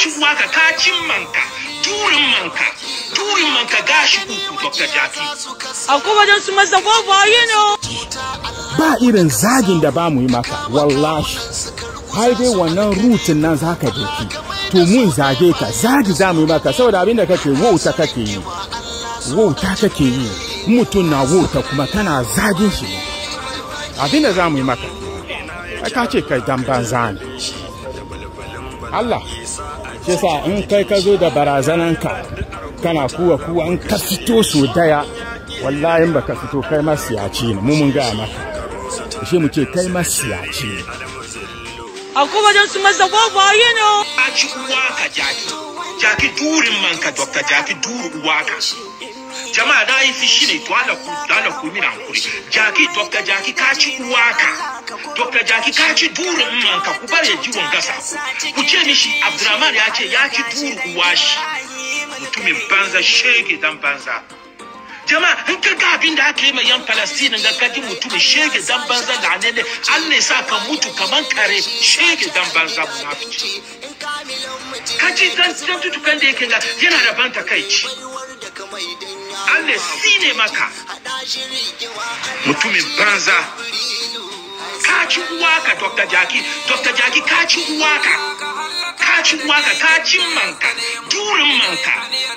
shigowa ka cin manka turin manka turin manka gashi uku dr jaki akwai wajen su masa ko yi ne ba irin zagin da ba mu yi maka wallahi har dai wannan rutin nan za ka doki to mun zage ka zagi za mu yi maka saboda abin da kake wauta kake yi wauta kake yi mutum na wauta kuma kana zagin shi abin da za mu yi maka ka ce kai dan banza ne Allah shi sa in kai ka zo da barazananka kana kuwa kuwa in ka fito so daya wallahi in baka fito kai ma siyaci ne mu mun ga maka shi mu ce kai ma siyaci ne a kuma don su masa gwagwa yi ne a ci uwa ka jaki jaki durin manka dokta jaki duru uwa ka jama'a da yi fishi ne to ala ku ala ku mina hankuri jaki dr jaki ka ci ka dr jaki ka ci durin ka ku bar ji wanga sako ku ce mishi abdurrahman ya ce ya ci duru uwa shi mutumin banza shege dan banza jama'a in ka ga abin da aka yi ma yan palestine ga kaji mutum shege dan banza da ne ne allah ya sa ka mutu kaman kare shege dan banza munafici ji dan tutukan da yake ga yana da ban takaici Allah sine maka mutumin banza ka ci uwaka Dr. Jaki Dr. Jaki ka ci uwaka ka ci uwaka ka ci manka Duri, manka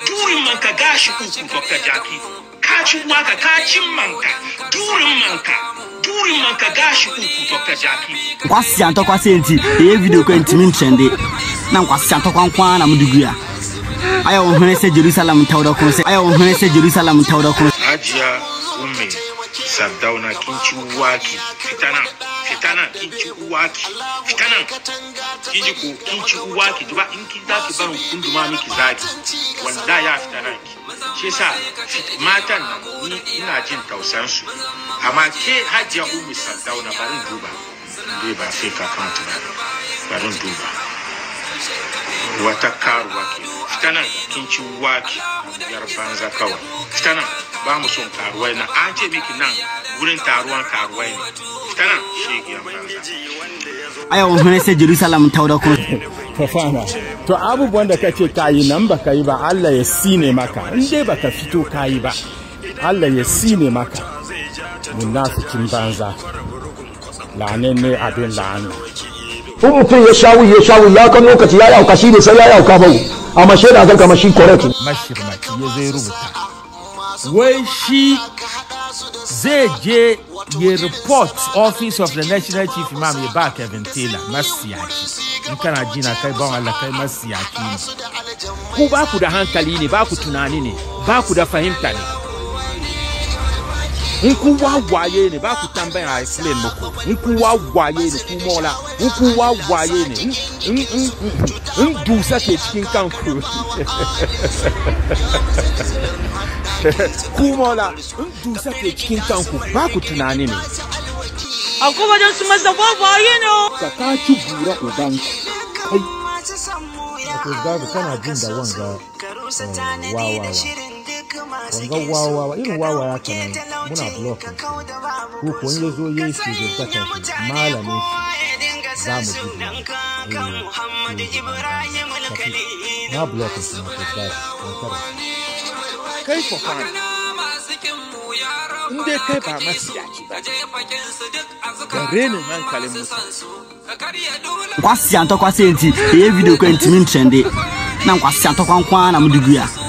Duri, manka gashi kuku Dr. Jaki ka ci uwaka ka ci manka Duri, manka durin manka gashi kuku Dr. Jaki kwasi antọ kwasi enti ihe video kwenti min chende na nkwasi antọ kwankwa na mudugu ya aya wọn hana sɛ jerusalem tawda kun sɛ aya wọn hana sɛ jerusalem tawda kun. hajiya umme sardauna kinci waki fitana fitana kinci waki fitana kinji ko kinci waki duba in kin zaki barin kunduma miki zaki wanda ya fitana ki shi yasa matan nan ni ina jin tausan su amma ke hajiya umme sardauna barin duba duba fake account ba barin duba wata karuwa ke fita nan kin ci waki yar banza kawai fita nan ba mu son karuwai na an ce miki nan wurin taruwan karuwai ne fita nan shege yar banza aya wani sai Jerusalem ta wada kuma fafana to abubuwan da kace kayi nan ba kayi ba Allah ya sine maka in dai baka fito kayi ba Allah ya sine maka munafikin banza lanin ne abin la'ani in mutum ya wuyi ya wuyi ya kan lokaci ya yauka shi ne sai ya yauka bau amma shaida kan kama shi correct mashirmaci ya zai rubuta wai shi zai je ya report office of the national chief imam ya ba kevin taylor masiyaki in kana jina kai ban Allah kai masiyaki ne ku ba ku da hankali ne ba ku tunani ne ba ku da fahimta ne nkuwa waye ne ba ku tambayin a explain muku nkuwa waye ne ku mola nkuwa waye ne in dusa ke cikin kanku ku mola in dusa ke cikin kanku ba ku tunani ne ko wajen su masa wawaye ne ka ka ci bura ubanku kai wato kana jin da wanga uh, wa. wanga wawawa irin ya ta nan muna blok ko ko ya zo ya yi shugabtaka malamin shi za mu ji na blok su na kai kai ko fa in dai kai ba yaki ba da renin hankalin mutum kwasi antọ kwasi enti ihe video kwenti min trende na nkwasi antọ kwankwa na mudugu ya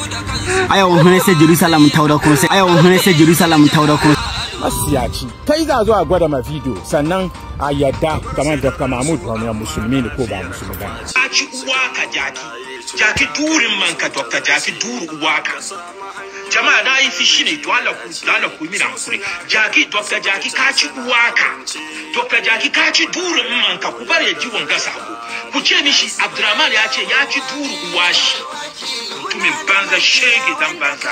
aya won hune sai Jerusalem tauda kun sai aya won hune sai Jerusalem tauda kun masiyaci kai za zuwa gwada ma video sannan a yadda kamar da ka Mahmud wani musulmi ne ko ba musulmi ba a ci uwa ka jaki jaki durin man ka dokta jaki duru uwa ka jama'a na yi fishi ne to Allah ku Allah ku mina hakuri jaki dokta jaki ka ci uwa ka dokta jaki ka ci durin man ka ku bar ya ji wanga sako ku mishi abdurrahman ya ce ya ci duru washi mutumin banza shege dan banza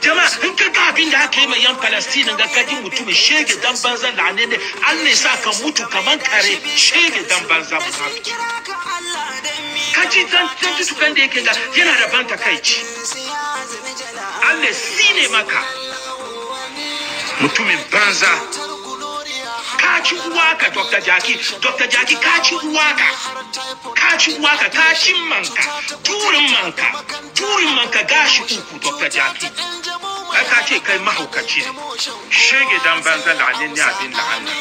jama in ka ga abin da aka yi mai yan palestinin ga kaji mutumin shege dan banza da ne allah ya sa ka mutu kaman kare shege dan banza munafiki kaji dan dan tutukan da yake ga yana da ban takaici allah sine maka mutumin banza kaci uwaka dr jaki dr jaki ka ci uwaka ka uwaka ka manka turin manka turin manka gashi uku dr jaki ai ka ce kai mahaukaci ne shege dan banza la'anin ne abin la'anna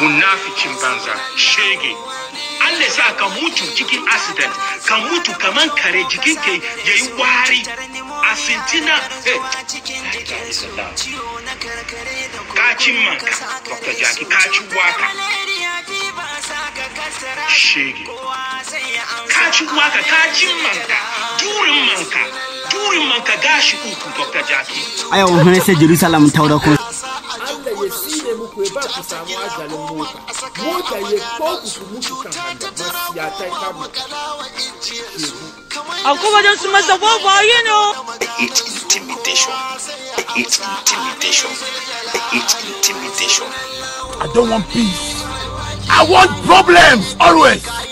munafikin banza shege Allah sa ka mutu cikin accident ka mutu kaman kare jikin ke yayi wari a sintina kacin eh. manka ka jaki kaci waka shege kaci waka kacin manka durin manka durin ka gashi uku dr jaki ayo sai jerusalem taura ko ne mu kueba kusamu ajale mota mota ye kokuku mutu kahanda masiyata kamu akuba don suma sa bo ba you know it's intimidation it's intimidation it's intimidation i don't want peace i want problems always